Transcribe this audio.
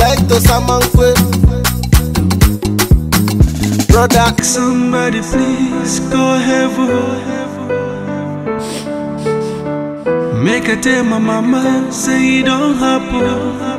like to Samankwe. Brother, somebody please go heaven. Make a tell my mama, say it don't happen.